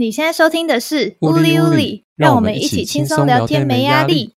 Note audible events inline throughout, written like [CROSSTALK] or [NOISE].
你現在收聽的是嗚哩嗚哩，讓我們一起輕鬆聊天,沒壓聊天沒壓，沒壓力。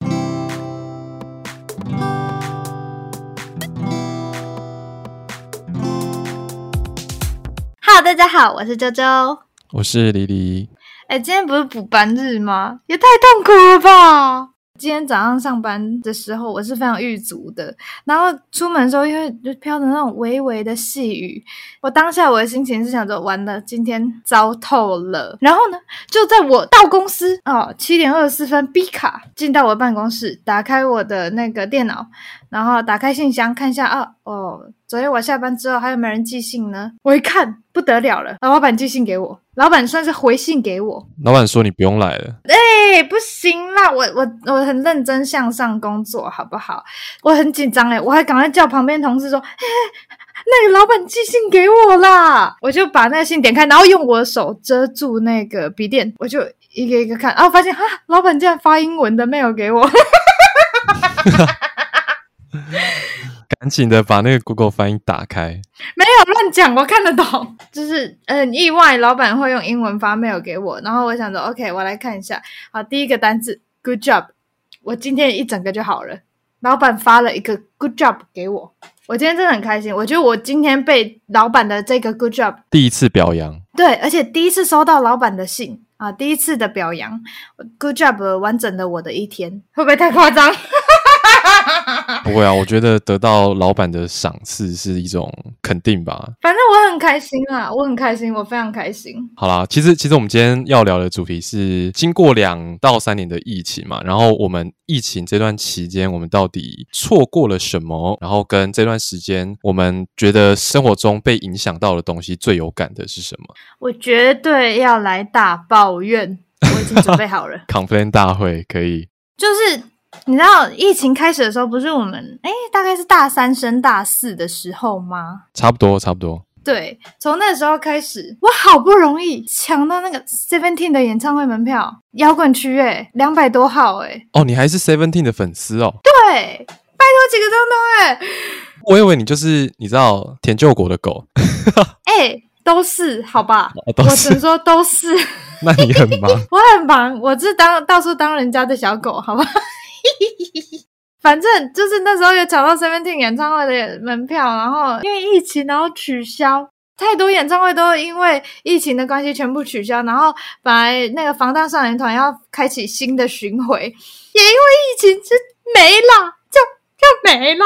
Hello，、嗯、大家好，我是啾啾，我是李李。哎、欸，今天不是補班日嗎？也太痛苦了吧！今天早上上班的時候，我是非常鬱卒的。然後出門的時候，因為就飄着那種微微的細雨，我當下我的心情是想着，完了，今天糟透了。然後呢，就在我到公司，哦，七點二十四分 B 卡進到我的辦公室，打開我的那個電腦，然後打開信箱看一下啊，哦，昨天我下班之後還有沒有人寄信呢？我一看不得了了，老闆寄信給我。老闆算是回信給我，老闆說你不用來了。哎、欸，不行啦，我我我很認真向上工作，好不好？我很緊張哎，我還趕快叫旁邊同事說，欸、那個老闆寄信給我啦，我就把那個信點開，然後用我的手遮住那個筆電，我就一個一個看啊，發現啊，老闆竟然發英文的 mail 給我。 [LAUGHS] [LAUGHS] 趕緊的把那個 Google 翻譯打開。沒有亂講，我看得懂。就是很意外，老闆會用英文發 mail 給我。然後我想說，OK，我來看一下。好，第一個單字，Good job。我今天一整個就好了。老闆發了一個 Good job 給我，我今天真的很開心。我覺得我今天被老闆的這個 Good job 第一次表揚。對，而且第一次收到老闆的信啊，第一次的表揚。Good job，完整了我的一天，會不會太誇張？ [LAUGHS] [LAUGHS] 不會啊，我覺得得到老闆的賞賜是一種肯定吧。反正我很開心啊，我很開心，我非常開心。好啦，其實其實我們今天要聊的主題是，經過兩到三年的疫情嘛，然後我們疫情這段期間，我們到底錯過了什麼？然後跟這段時間，我們覺得生活中被影響到的東西最有感的是什麼？我絕對要來大抱怨，我已經準備好了。Complain 大會可以，就是。你知道疫情開始的時候，不是我們哎、欸，大概是大三升大四的時候嗎？差不多，差不多。對，從那時候開始，我好不容易搶到那個 Seventeen 的演唱會門票，搖滾區哎，兩百多號哎、欸。哦，你還是 Seventeen 的粉絲哦？對，拜託幾個鐘頭哎。我以為你就是你知道田舊國的狗哎、 [LAUGHS] 欸，都是好吧、啊是？我只能說都是。那你很忙？ [LAUGHS] 我很忙，我就當到處當人家的小狗，好吧？ [NOISE] 反正就是那時候有搶到 Seventeen 演唱會的門票，然後因為疫情，然後取消太多演唱會，都因為疫情的關係全部取消。然後本來那個防彈少年團要開啟新的巡迴，也因為疫情就沒了，就就沒了。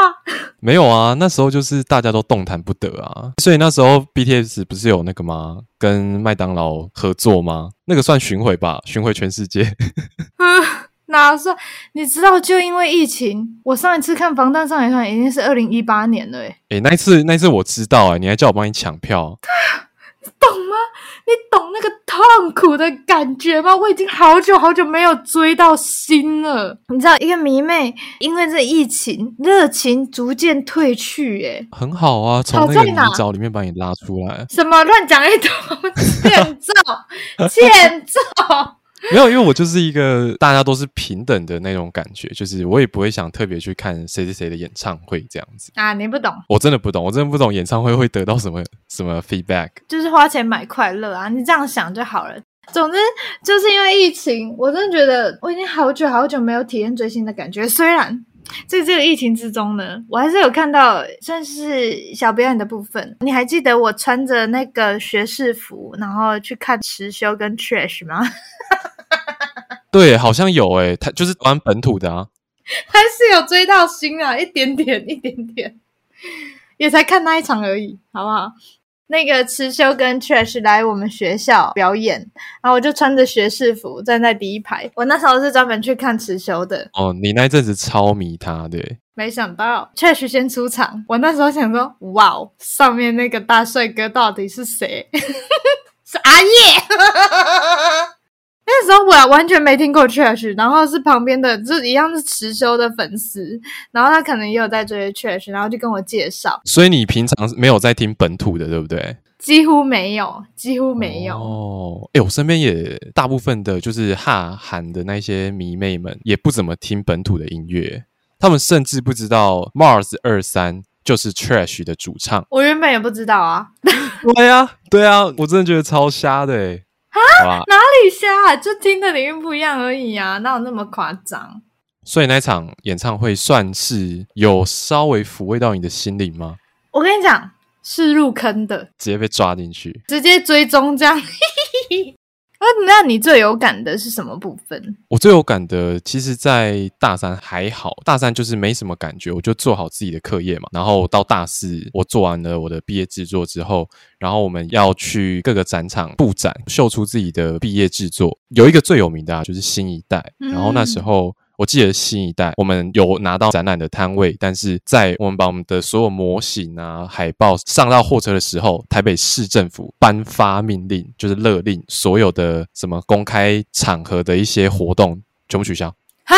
沒有啊，那時候就是大家都動彈不得啊。所以那時候 BTS 不是有那個嗎？跟麥當勞合作嗎？那個算巡迴吧，巡迴全世界。 [LAUGHS] [LAUGHS] 哪算？你知道，就因為疫情，我上一次看《防彈少年團》已經是二零一八年了、欸。誒、欸、誒那一次，那一次我知道、欸，誒你還叫我幫你搶票， [LAUGHS] 你懂嗎？你懂那個痛苦的感覺嗎？我已經好久好久沒有追到星了。你知道，一個迷妹因為這疫情熱情逐漸褪去、欸，誒很好啊，從那個泥沼裡面把你拉出來。啊、什麼亂講一通？欠 [LAUGHS] 揍！欠揍！ [LAUGHS] [LAUGHS] 沒有，因為我就是一個大家都是平等的那種感覺，就是我也不會想特別去看誰誰誰的演唱會這樣子啊。你不懂，我真的不懂，我真的不懂演唱會會得到什麼什麼 feedback，就是花錢買快樂啊。你這樣想就好了。總之就是因為疫情，我真的覺得我已經好久好久沒有體驗追星的感覺，雖然。在這，這個疫情之中呢，我還是有看到算是小表演的部分。你還記得我穿着那個學士服，然後去看持修跟 Trash 嗎？對，好像有誒、欸、他就是蠻本土的啊。還是有追到星啊，一點點，一點點，也才看那一場而已，好不好？那個持修跟 Trash 來我們學校表演，然後我就穿着學士服站在第一排。我那時候是專門去看持修的。哦，你那陣子超迷他，的。沒想到 Trash 先出場，我那時候想說，哇，上面那個大帥哥到底是誰？ [LAUGHS] [LAUGHS] 是阿夜耶。 [LAUGHS] 那個、時候我完全沒聽過 Trash，然後是旁邊的，就是一樣是持修的粉絲，然後他可能也有在追 Trash，然後就跟我介紹。所以你平常沒有在聽本土的，對不對？幾乎沒有，幾乎沒有。哦，哎、欸，我身邊也大部分的就是哈韓的那些迷妹們，也不怎麼聽本土的音樂，他們甚至不知道 Mars 二三就是 Trash 的主唱。我原本也不知道啊，對啊，對啊，我真的覺得超瞎的、欸。啊，哪裡瞎？就聽的裡面不一樣而已啊，哪有那麼誇張？所以那場演唱會算是有稍微撫慰到你的心靈嗎？我跟你講，是入坑的，直接被抓進去，直接追蹤這樣。 [LAUGHS] 啊，那你最有感的是什麼部分？我最有感的，其實，在大三還好，大三就是沒什麼感覺，我就做好自己的課業嘛。然後到大四，我做完了我的畢業製作之後，然後我們要去各個展場佈展，秀出自己的畢業製作。有一個最有名的啊，就是新一代。嗯，然後那時候。我記得新一代，我們有拿到展覽的攤位，但是在我們把我們的所有模型啊、海報上到貨車的時候，台北市政府頒發命令，就是勒令所有的什麼公開場合的一些活動全部取消。啊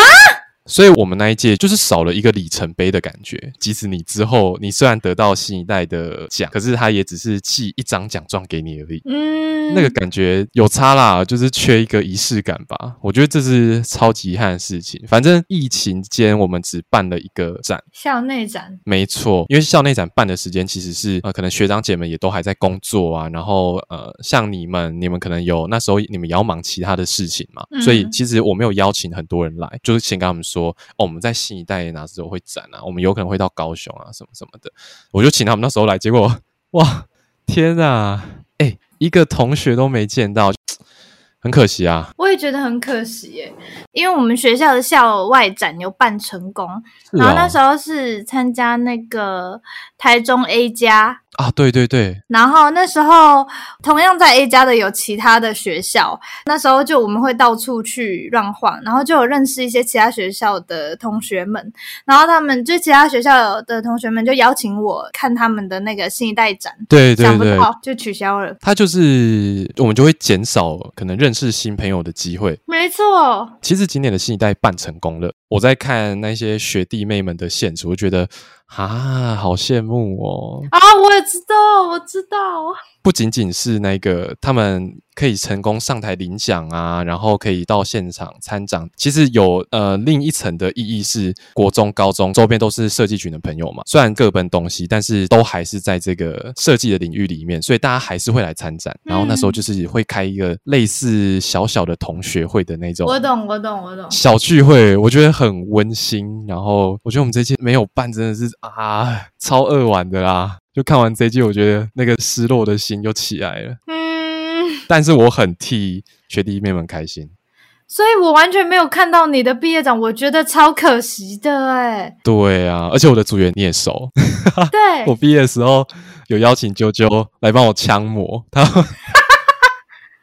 所以我們那一屆就是少了一個里程碑的感覺。即使你之後你雖然得到新一代的獎，可是他也只是寄一張獎狀給你而已。嗯，那個感覺有差啦，就是缺一個儀式感吧。我覺得這是超級遺憾的事情。反正疫情間我們只辦了一個展，校內展。沒錯，因為校內展辦的時間其實是呃，可能學長姐們也都還在工作啊，然後呃，像你們，你們可能有那時候你們也要忙其他的事情嘛。嗯，所以其實我沒有邀請很多人來，就是先跟他們說。說哦，我們在新一代那時候會展啊？我們有可能會到高雄啊，什麼什麼的。我就請他們那時候來，結果哇，天哪，啊，欸，一個同學都沒見到，很可惜啊。我也覺得很可惜欸，因為我們學校的校外展有辦成功，然後那時候是參加那個台中 A+。啊，對對對，然後那時候同樣在 A 家的有其他的學校，那時候就我們會到處去亂晃，然後就有認識一些其他學校的同學們，然後他們就其他學校的同學們就邀請我看他們的那個新一代展，對對對，對，差不多就取消了。他就是我們就會減少可能認識新朋友的機會，沒錯。其實今年的新一代辦成功了，我在看那些學弟妹們的限制，我覺得。啊，好羨慕哦。啊，我也知道，我知道。不僅僅是那個他們可以成功上台領獎啊，然後可以到現場參展，其實有呃另一層的意義是，國中、高中周邊都是設計群的朋友嘛，雖然各奔東西，但是都還是在這個設計的領域裡面，所以大家還是會來參展。嗯、然後那時候就是會開一個類似小小的同學會的那種，我懂，我懂，我懂小聚會，我覺得很溫馨。然後我覺得我們這期沒有辦，真的是啊。超二玩的啦！就看完這集，我覺得那個失落的心就起來了。嗯，但是我很替學弟妹們開心，所以我完全沒有看到你的畢業展，我覺得超可惜的哎、欸。對啊，而且我的組員你也熟。 [LAUGHS] 對，我畢業的時候有邀請啾啾來幫我槍模他。 [LAUGHS]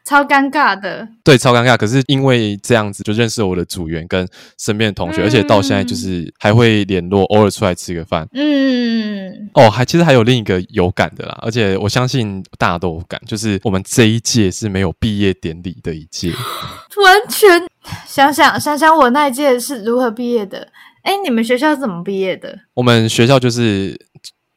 超尷尬的，對，超尷尬。可是因為這樣子，就認識了我的組員跟身邊的同學，嗯，而且到現在就是還會聯絡，偶爾出來吃個飯。嗯，哦，還其實還有另一個有感的啦，而且我相信大家都有感，就是我們這一屆是沒有畢業典禮的一屆。完全，想想想想我那一屆是如何畢業的？哎，你們學校是怎麼畢業的？我們學校就是。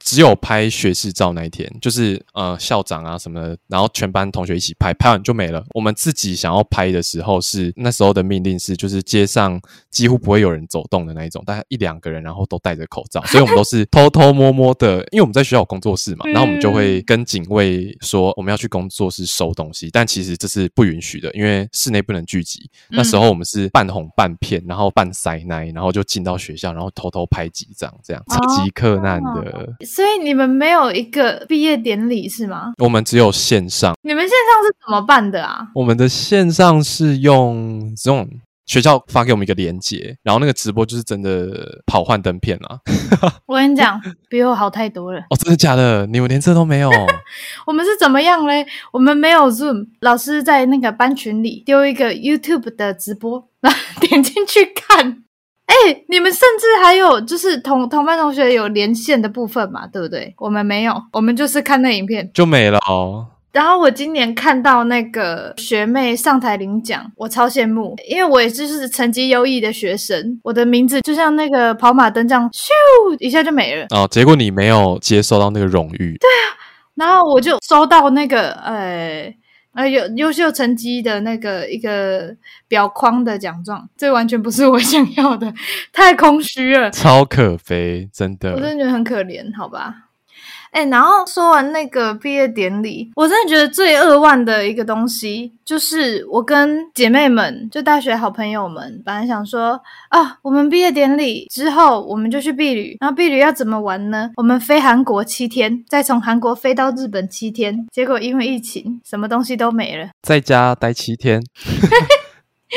只有拍學士照那一天，就是呃校長啊什麼的，然後全班同學一起拍，拍完就沒了。我們自己想要拍的時候是，是那時候的命令是，就是街上幾乎不會有人走動的那一種，大概一兩個人，然後都戴着口罩，所以我們都是偷偷摸摸的， [LAUGHS] 因為我們在學校有工作室嘛、嗯，然後我們就會跟警衛說我們要去工作室收東西，但其實這是不允許的，因為室內不能聚集、嗯。那時候我們是半哄半騙，然後半塞奶，然後就進到學校，然後偷偷拍幾張，這樣超級克難的。啊所以你們沒有一個畢業典禮是嗎？我們只有線上。你們線上是怎麼辦的啊？我們的線上是用 Zoom，學校發給我們一個連接，然後那個直播就是真的跑幻燈片啊。我跟你講， [LAUGHS] 比我好太多了。哦，真的假的？你們連這都沒有？ [LAUGHS] 我們是怎麼樣嘞？我們沒有 Zoom，老師在那個班群裡丟一個 YouTube 的直播，然後點進去看。 [LAUGHS] 哎、欸，你們甚至還有就是同同班同學有連線的部分嘛，對不對？我們沒有，我們就是看那影片就沒了。哦。然後我今年看到那個學妹上台領獎，我超羨慕，因為我也就是成績優異的學生，我的名字就像那個跑馬燈這樣咻一下就沒了哦。結果你沒有接收到那個榮譽，對啊。然後我就收到那個呃。哎啊，有優秀成績的那個一個表框的獎狀，這完全不是我想要的，太空虛了，超可悲，真的，我真的覺得很可憐，好吧。哎、欸，然後說完那個畢業典禮，我真的覺得最扼腕的一個東西，就是我跟姐妹們，就大學好朋友們，本來想說啊，我們畢業典禮之後我們就去畢旅，然後畢旅要怎麼玩呢？我們飛韓國七天，再從韓國飛到日本七天，結果因為疫情，什麼東西都沒了，在家待七天。 [LAUGHS]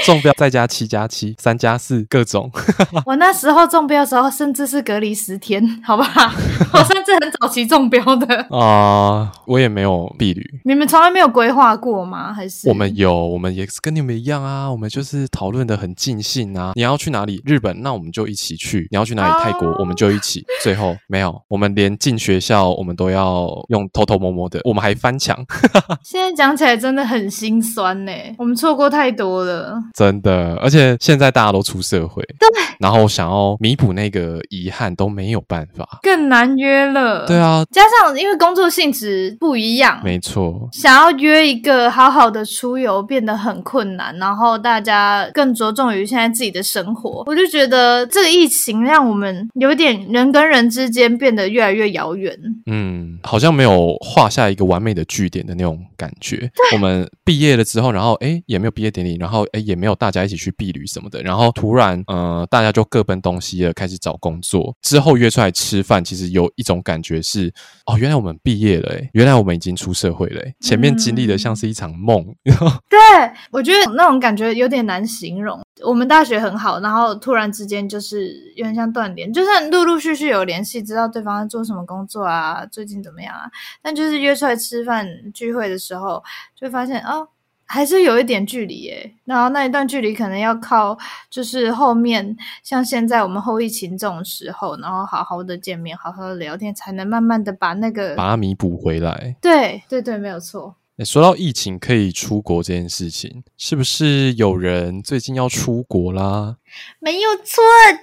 中標再加七加七三加四各種， [LAUGHS] 我那時候中標的時候甚至是隔離十天，好吧好， [LAUGHS] 我甚至很早期中標的啊，uh, 我也沒有畢旅。你們從來沒有規劃過嗎？還是我們有，我們也是跟你們一樣啊，我們就是討論得很盡興啊。你要去哪裡日本？那我們就一起去；你要去哪裡、oh. 泰國，我們就一起。最後沒有，我們連進學校我們都要用偷偷摸摸的，我們還翻牆。 [LAUGHS] 現在講起來真的很心酸呢、欸，我們錯過太多了。真的，而且現在大家都出社會，對，然後想要彌補那個遺憾都沒有辦法，更難約了。對啊，加上因為工作性質不一樣，沒錯，想要約一個好好的出遊變得很困難。然後大家更着重於現在自己的生活，我就覺得這個疫情讓我們有點人跟人之間變得越來越遙遠。嗯，好像沒有畫下一個完美的句點的那種感覺。對。我們畢業了之後，然後哎也沒有畢業典禮，然後哎也。也沒有大家一起去畢旅什麼的，然後突然，呃，大家就各奔東西了，開始找工作。之後約出來吃飯，其實有一種感覺是，哦，原來我們畢業了、欸，原來我們已經出社會了、欸，前面經歷的像是一場夢。嗯、 [LAUGHS] 對，我覺得那種感覺有點難形容。我們大學很好，然後突然之間就是有點像斷聯，就算陸陸續續有聯繫，知道對方在做什麼工作啊，最近怎麼樣啊？但就是約出來吃飯聚會的時候，就會發現哦。還是有一點距離誒、欸，然後那一段距離可能要靠，就是後面像現在我們後疫情這種時候，然後好好的見面，好好的聊天，才能慢慢的把那個把彌補回來對。對對對，沒有錯、欸。說到疫情可以出國這件事情，是不是有人最近要出國啦？沒有錯，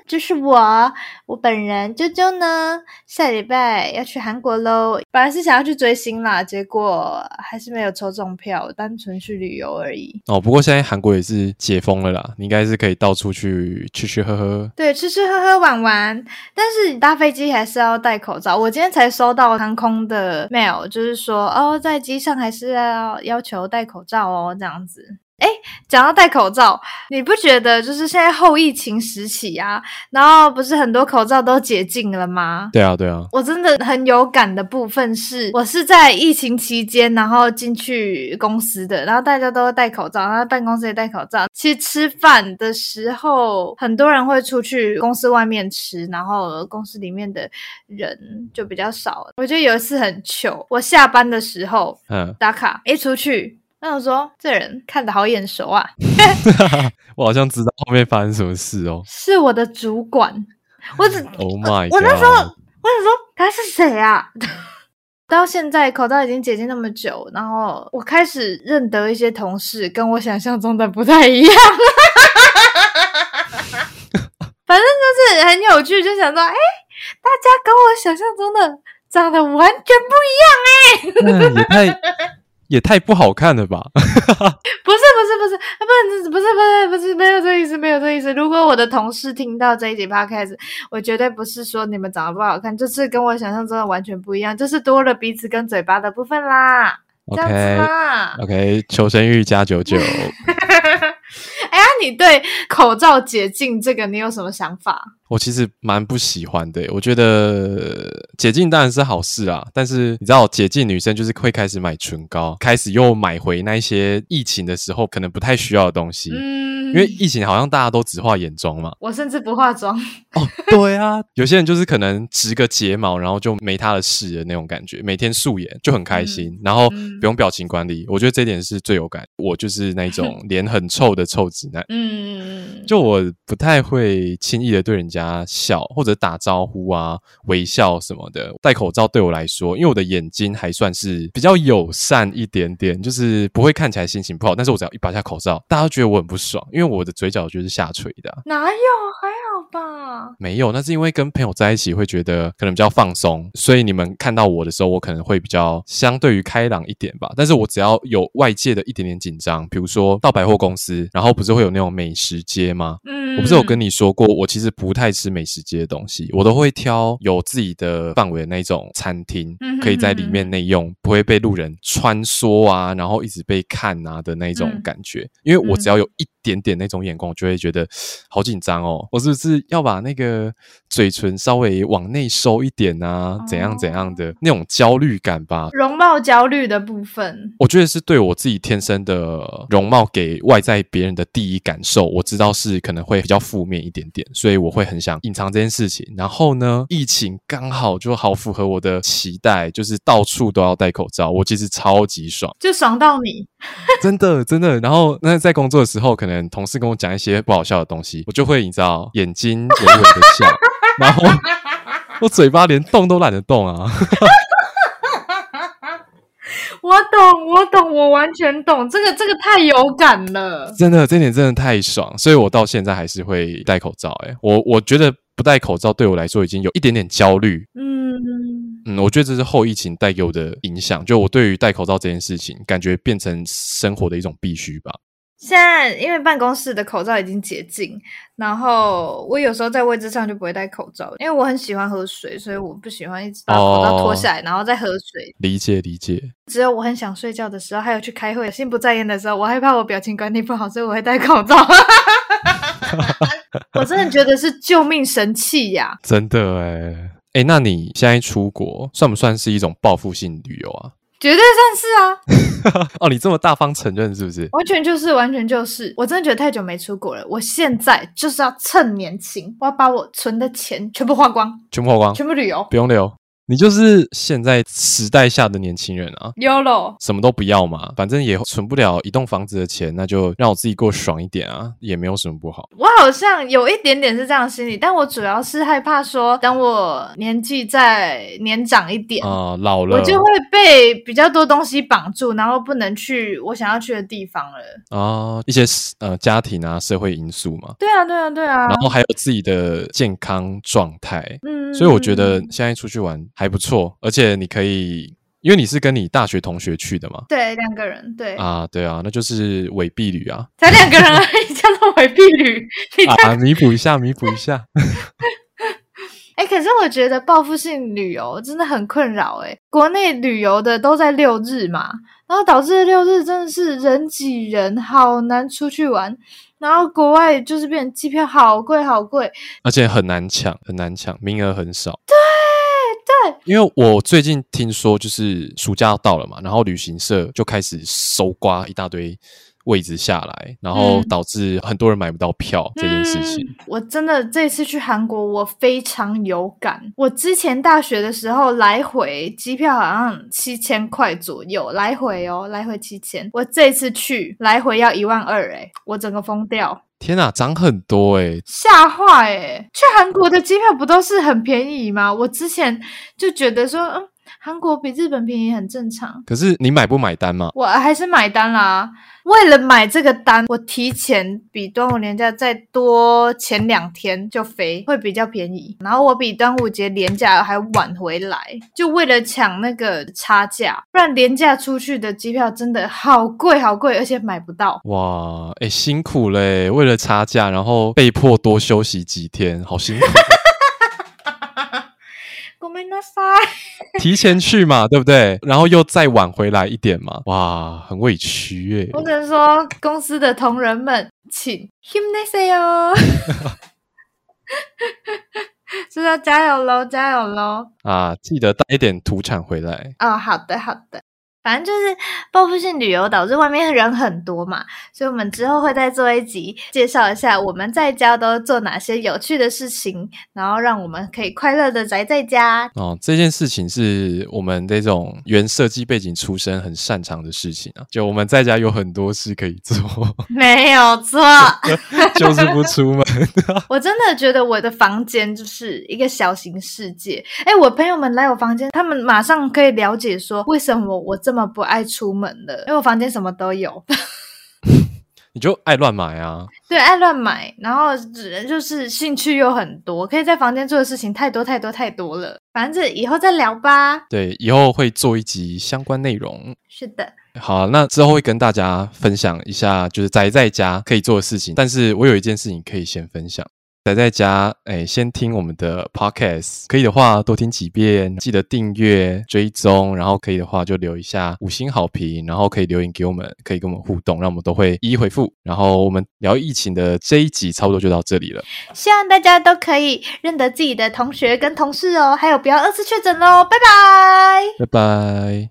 就是我，我本人。啾啾呢，下禮拜要去韓國嘍。本來是想要去追星啦，結果還是沒有抽中票，單純去旅遊而已。哦，不過現在韓國也是解封了啦，你應該是可以到處去吃吃喝喝。對，吃吃喝喝玩玩，但是你搭飛機還是要戴口罩。我今天才收到航空的 mail，就是說哦，在機上還是要要求戴口罩哦，這樣子。哎、欸，講到戴口罩，你不覺得就是現在後疫情時期啊？然後不是很多口罩都解禁了嗎？對啊，對啊。我真的很有感的部分是，我是在疫情期間，然後進去公司的，然後大家都戴口罩，然後辦公室也戴口罩。其實吃飯的時候，很多人會出去公司外面吃，然後公司裡面的人就比較少了。我覺得有一次很糗，我下班的時候，嗯，打卡一出去。那我想說，這人看得好眼熟啊！ [LAUGHS] [LAUGHS] 我好像知道後面發生什麼事哦。是我的主管，我只…… Oh my 我，我那時候我想說他是誰啊？ [LAUGHS] 到現在口罩已經解禁那麼久，然後我開始認得一些同事，跟我想象中的不太一樣。 [LAUGHS] [LAUGHS] 反正就是很有趣，就想說，誒、欸、大家跟我想象中的長得完全不一樣哎、欸。 [LAUGHS] 嗯也太不好看了吧！ [LAUGHS] 不是不是不是不是不是不是不是沒有這意思沒有這意思。如果我的同事聽到這一集 podcast，我絕對不是說你們長得不好看，就是跟我想象中的完全不一樣，就是多了鼻子跟嘴巴的部分啦。Okay, 這樣子嘛。OK，求生欲加九九。 [LAUGHS] 哎呀，你對口罩解禁這個你有什麼想法？我其實蠻不喜歡的，我覺得解禁當然是好事啊，但是你知道解禁女生就是會開始買唇膏，開始又買回那些疫情的時候可能不太需要的東西，嗯，因為疫情好像大家都只化眼妝嘛，我甚至不化妝，哦，對啊，有些人就是可能植個睫毛，然後就沒他的事的那種感覺，每天素顏就很開心，嗯，然後不用表情管理，我覺得這點是最有感，我就是那種臉很臭的臭直男，嗯，就我不太會輕易的對人家。啊，笑或者打招呼啊，微笑什麼的。戴口罩對我來說，因為我的眼睛還算是比較友善一點點，就是不會看起來心情不好。但是我只要一拔下口罩，大家都覺得我很不爽，因為我的嘴角就是下垂的啊。哪有？還好吧？沒有，那是因為跟朋友在一起會覺得可能比較放鬆，所以你們看到我的時候，我可能會比較相對於開朗一點吧。但是我只要有外界的一點點緊張，比如說到百貨公司，然後不是會有那種美食街嗎？嗯，我不是有跟你說過，我其實不太。吃美食街的東西，我都會挑有自己的範圍的那種餐廳，嗯，可以在裡面內用，不會被路人穿梭啊，然後一直被看啊的那種感覺。嗯、因為我只要有一點點那種眼光，我就會覺得好緊張哦。我是不是要把那個嘴唇稍微往內收一點啊、哦？怎樣怎樣的那種焦慮感吧，容貌焦慮的部分，我覺得是對我自己天生的容貌給外在別人的第一感受，我知道是可能會比較負面一點點，所以我會很。想隱藏這件事情，然後呢，疫情剛好就好符合我的期待，就是到處都要戴口罩，我其實超級爽，就爽到你， [LAUGHS] 真的真的。然後那在工作的時候，可能同事跟我講一些不好笑的東西，我就會你知道眼睛微微的笑， [LAUGHS] 然後我嘴巴連動都懶得動啊。 [LAUGHS] 我懂，我懂，我完全懂。這個，這個太有感了，真的，這點真的太爽。所以我到現在還是會戴口罩欸。哎，我我覺得不戴口罩對我來說已經有一點點焦慮。嗯嗯，我覺得這是後疫情帶給我的影響。就我對於戴口罩這件事情，感覺變成生活的一種必須吧。現在因為辦公室的口罩已經解禁，然後我有時候在位置上就不會戴口罩，因為我很喜歡喝水，所以我不喜歡一直把口罩脫下來，哦，然後再喝水。理解理解。只有我很想睡覺的時候，還有去開會心不在焉的時候，我害怕我表情管理不好，所以我會戴口罩。 [LAUGHS] [LAUGHS] [LAUGHS] [LAUGHS] 我真的覺得是救命神器呀，啊！真的誒、欸、誒、欸、那你現在出國算不算是一種報復性旅遊啊？絕對算是啊！ [LAUGHS] 哦，你這麼大方承認是不是？完全就是，完全就是。我真的覺得太久沒出國了，我現在就是要趁年輕，我要把我存的錢全部花光，全部花光，全部旅遊，不用留。你就是現在時代下的年輕人啊，YOLO，什麼都不要嘛，反正也存不了一棟房子的錢，那就讓我自己過爽一點啊，也沒有什麼不好。我好像有一點點是這樣心理，但我主要是害怕說，等我年紀再年長一點啊、呃，老了，我就會被比較多東西綁住，然後不能去我想要去的地方了啊、呃。一些呃家庭啊、社會因素嘛，對啊，對啊，對啊。然後還有自己的健康狀態，嗯，所以我覺得現在出去玩。嗯還不錯，而且你可以，因為你是跟你大學同學去的嘛？對，兩個人，對啊，對啊，那就是偽畢旅啊，才兩個人、啊 [LAUGHS] 你，你叫做偽畢旅，啊，彌補一下，彌補一下。哎、 [LAUGHS] 欸，可是我覺得報復性旅遊真的很困擾。哎，國內旅遊的都在六日嘛，然後導致六日真的是人擠人，好難出去玩。然後國外就是變成機票好貴，好貴，而且很難搶，很難搶，名額很少。對因為我最近聽說，就是暑假到了嘛，然後旅行社就開始搜刮一大堆。位置下來，然後導致很多人買不到票、嗯、這件事情。嗯、我真的這次去韓國，我非常有感。我之前大學的時候，來回機票好像七千塊左右，來回哦，來回七千。我這次去來回要一萬二，哎，我整個瘋掉！天哪，漲很多哎、欸，嚇壞哎！去韓國的機票不都是很便宜嗎？我之前就覺得說，嗯。韓國比日本便宜很正常，可是你買不買單嗎？我還是買單啦、啊。為了買這個單，我提前比端午連假再多前兩天就飛，會比較便宜。然後我比端午節連假還晚回來，就為了搶那個差價。不然連假出去的機票真的好貴好貴，而且買不到。哇，哎、欸，辛苦嘞、欸！為了差價，然後被迫多休息幾天，好辛苦。 [LAUGHS] ごめんなさい [LAUGHS] 提前去嘛，對不對？然後又再晚回來一點嘛，哇，很委屈耶、欸！我跟你說，公司的同仁們，請 h u m i l i 加油嘍，加油嘍！啊，記得帶一點土產回來。哦，好的，好的。反正就是報復性旅遊導致外面人很多嘛，所以我們之後會再做一集，介紹一下我們在家都做哪些有趣的事情，然後讓我們可以快樂的宅在家啊。哦，這件事情是我們這種原設計背景出身很擅長的事情啊，就我們在家有很多事可以做，沒有錯， [LAUGHS] 就是不出門。 [LAUGHS] 我真的覺得我的房間就是一個小型世界。哎，我朋友們來我房間，他們馬上可以了解說為什麼我這。這麼不愛出門的，因為我房間什麼都有， [LAUGHS] [LAUGHS] 你就愛亂買啊？對，愛亂買，然後只能就是興趣又很多，可以在房間做的事情太多太多太多了。反正以後再聊吧。對，以後會做一集相關內容。是的。好，那之後會跟大家分享一下，就是宅在家可以做的事情。但是我有一件事情可以先分享。宅在家，哎，先聽我們的 podcast，可以的話多聽幾遍，記得訂閱追蹤，然後可以的話就留一下五星好評，然後可以留言給我們，可以跟我們互動，讓我們都會一一回復。然後我們聊疫情的這一集差不多就到這裡了，希望大家都可以認得自己的同學跟同事哦，還有不要二次確診哦，拜拜，拜拜。